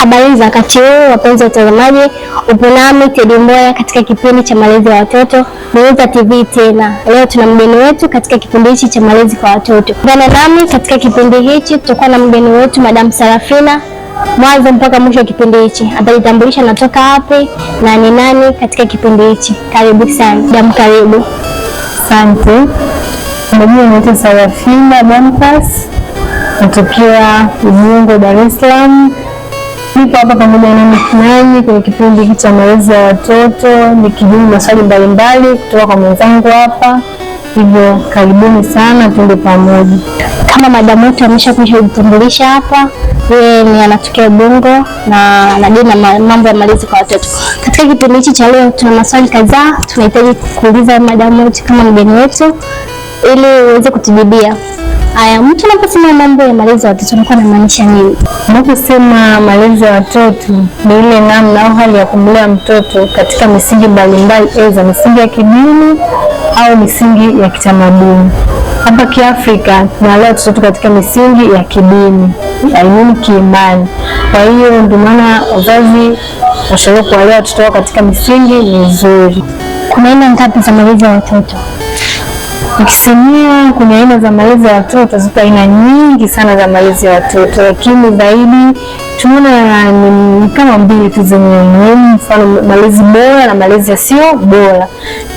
Habari za wakati huu wapenzi watazamaji, upo nami Teddy Mboya katika kipindi cha malezi ya watoto Miuza TV. Tena leo tuna mgeni wetu katika kipindi hichi cha malezi kwa watoto. Ungana nami katika kipindi hichi, tutakuwa na mgeni wetu Madam Sarafina mwanzo mpaka mwisho wa kipindi hichi. Atajitambulisha natoka wapi na ni nani katika kipindi hichi. Karibu sana Madam, karibu. Asante. Majina naitwa Sarafina Bonpas, natokea Ubungo, Dar es Salaam. Niko hapa pamoja nanyi kwenye kipindi hiki cha malezi ya watoto nikijibu maswali mbalimbali kutoka kwa mwenzangu hapa. Hivyo karibuni sana, tuende pamoja. Kama madamu wetu ameshakwisha kujitambulisha hapa, yeye ni anatokea Bongo na anajua na mambo ya malezi kwa watoto. Katika kipindi hichi cha leo, tuna maswali kadhaa tunahitaji kuuliza madamu wetu kama mgeni wetu, ili uweze kutujibia. Aya, mtu anaposema mambo ya malezi ya watoto anakuwa anamaanisha nini? Unaposema malezi ya watoto ni ile namna au hali ya kumlea mtoto katika misingi mbalimbali, eza misingi ya kidini au misingi ya kitamaduni. Hapa Kiafrika tunalea watoto katika misingi ya kidini, yaani kiimani. Kwa hiyo ndio maana wazazi washauri kuwalea watoto wao katika misingi mizuri. Kuna aina ngapi za malezi ya watoto? ukisemea kuna aina za malezi ya watoto, zipo aina nyingi sana za malezi ya watoto, lakini zaidi tunaona ni kama mbili tu zenye umuhimu, mfano malezi bora na malezi yasiyo bora.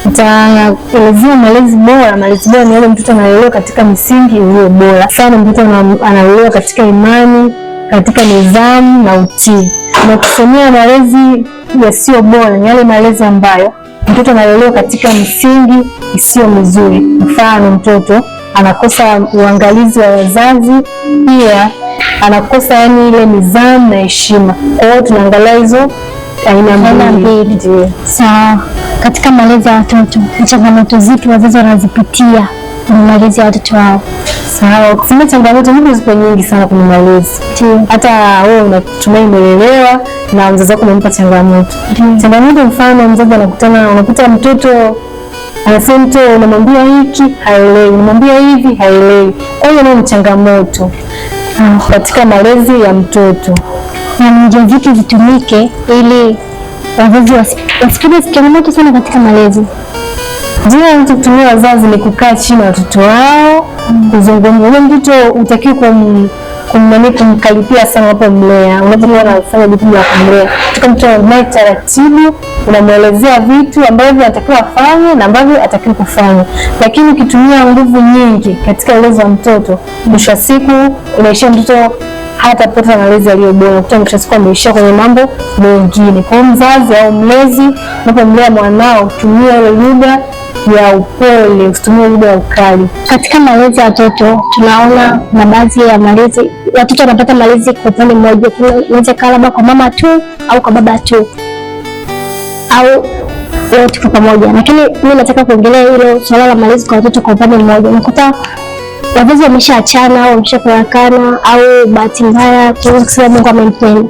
Nitaelezea malezi bora. Malezi bora ni yale mtoto analelewa katika misingi iliyo bora, sana, mtoto analelewa katika imani, katika nidhamu na utii. Na ukisomea malezi yasiyo bora ni yale malezi ambayo mtoto analelewa katika misingi isiyo mizuri. Mfano, mtoto anakosa uangalizi wa wazazi, pia anakosa yani ile nidhamu na heshima. Kwa hiyo tunaangalia hizo aina mbili. Sawa. Katika malezi ya watoto ni changamoto zipi wazazi wanazipitia kwenye malezi ya watoto wao? Sawa, kusema changamoto hizo zipo nyingi sana kwenye malezi, hata wewe unatumai umelelewa na mzazi wako umempa changamoto. Mm. Changamoto mfano mzazi anakutana, unakuta mtoto anasemto, unamwambia hiki haelewi, unamwambia hivi haelewi. Kwa hiyo nayo ni changamoto ah. katika malezi ya mtoto, na vitu vitumike ili wazazi wasikie changamoto sana katika malezi. Njia mtu kutumia wazazi ni kukaa chini na watoto wao mm. kuzungumza. Mtoto utakiwa kumnani kumkaripia sana hapo mlea, unapokuwa unafanya jukumu la kumlea, tukamtoa naye taratibu, unamwelezea vitu ambavyo anatakiwa afanye na ambavyo atakiwa kufanya. Lakini ukitumia nguvu nyingi katika ulezi wa mtoto, mwisho wa siku unaishia mtoto hata pata malezi yaliyo bora, kuta mwisho siku ameishia kwenye mambo mengine. Kwa hiyo mzazi au mlezi unapomlea mwanao, tumia ile lugha ya upole, usitumie lugha ya ukali. Katika malezi ya watoto tunaona na baadhi ya malezi watoto wanapata malezi kwa upande mmoja, inaweza kaa labda kwa mama tu au kwa baba tu au wote kwa pamoja, lakini mimi nataka kuongelea hilo swala la malezi kwa watoto kwa upande mmoja. Unakuta wazazi wameshaachana au wameshafarakana au bahati mbaya, kwa sababu Mungu amempenda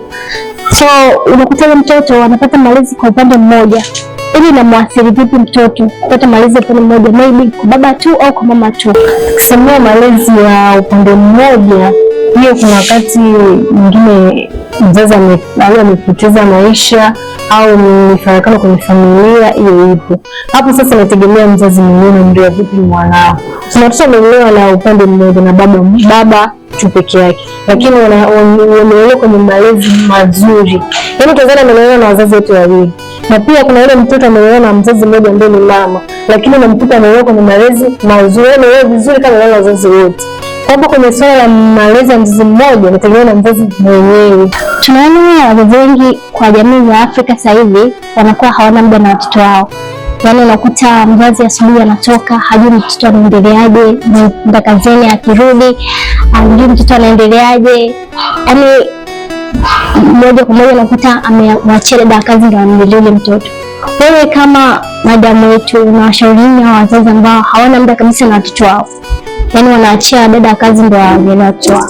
So unakuta mtoto anapata malezi kwa upande mmoja, ili namwathiri vipi mtoto kupata malezi ya upande mmoja, maybe kwa baba tu au kwa mama tu. Tukisemea malezi ya upande mmoja, hiyo kuna wakati mwingine mzazi au amepoteza maisha au mifarakano kwenye familia, hiyo ipo hapo. Sasa nategemea mzazi mwingine ndio vipi mwanao. Kuna watoto wamelelewa na upande mmoja na baba baba tu peke yake, lakini wamelelewa kwenye malezi mazuri. Yaani Tanzania amelelewa na wazazi wote wawili, na pia kuna yule mtoto amelelewa na mzazi mmoja ambaye ni mama, lakini unamkuta amelelewa kwenye malezi mazuri, yaani amelelewa vizuri kama wale wazazi wote kwamba kwenye swala la malezi ya mzazi mmoja inategemea na mzazi mwenyewe. Tunaona wazazi wengi kwa jamii za Afrika sasa hivi wanakuwa hawana muda na watoto wao, yaani unakuta mzazi asubuhi anatoka hajui mtoto anaendeleaje mpaka kazini akirudi ajui mtoto anaendeleaje, yaani moja kwa moja anakuta amewachia dada kazi ndo amlele mtoto. Wewe kama madamu wetu, unawashauriini hawa wazazi ambao hawana muda kabisa na watoto wao, yaani wanaachia dada kazi ndo amlele watoto wao?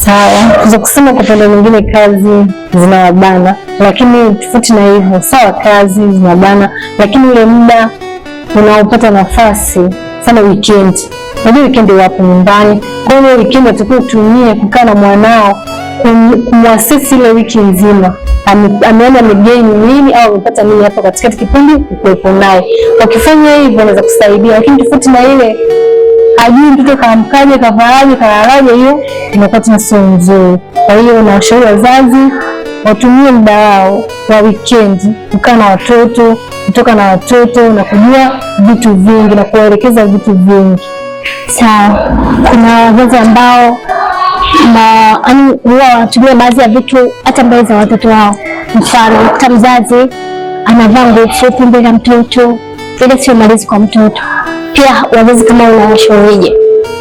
Sawa, za kusema kwa upande mwingine kazi zinawabana, lakini tofauti na hivyo, sawa, kazi zinawabana, lakini ule muda unaopata nafasi sana, weekend Unajua wikendi wapo nyumbani, kwa hiyo wikendi atakiwa utumie kukaa na mwanao, kumwasisi ile wiki nzima ameona amegain nini au amepata nini hapa katikati, kipindi ukuwepo naye. Wakifanya hivyo anaweza kusaidia, lakini tofauti na ile ajui mtoto kaamkaje, kavaaje, kalalaje, hiyo inakuwa tena sio nzuri. Kwa hiyo nawashauri wazazi watumie muda wao wa wikendi kukaa na watoto, kutoka na watoto na kujua vitu vingi na kuwaelekeza vitu vingi. Sawa, kuna wazazi ambao huwa wanatumia baadhi ya vitu hata mbele za watoto wao. Mfano, kuta mzazi anavaa nguo fupi mbele ya mtoto, ile sio malezi kwa mtoto. Pia wazazi kama unawashaurije?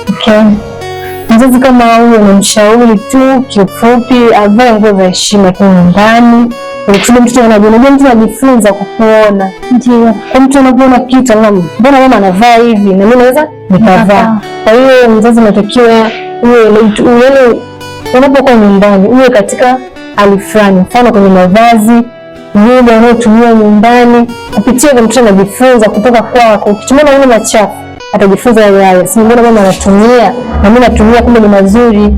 Okay. Mzazi kama huyo ni mshauri tu, kifupi avae nguo za heshima kwa nyumbani Unachukua mtoto unajiona, unajua mtu anajifunza kwa kuona. Ndio. Kwa mtu anapoona kitu ngam, mbona mama anavaa hivi na mimi naweza nikavaa. Kwa hiyo mzazi unatakiwa uwe yaani, unapokuwa nyumbani uwe katika hali fulani, mfano kwenye mavazi, lugha unayotumia nyumbani, kupitia kwa mtoto anajifunza kutoka kwako. Ukitumia maneno machafu atajifunza yale yale, si mbona mama anatumia na mimi natumia, kumbe ni mazuri.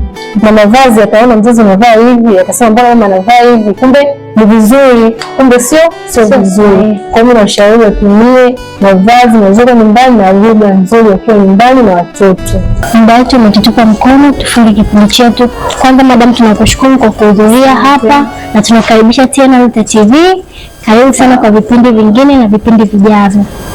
Na mavazi ataona mzazi anavaa hivi, atasema mbona mama anavaa hivi, kumbe ni vizuri, kumbe sio sio vizuri. Kwa hiyo nashauri watumie mavazi mazuri nyumbani na lugha nzuri wakiwa nyumbani na watoto. muda wetu umetutupa mkono, tufunge kipindi chetu. Kwanza madam, tunakushukuru kwa kuhudhuria hapa na tunakaribisha tena Rita TV. Karibu sana kwa vipindi vingine na vipindi vijavyo.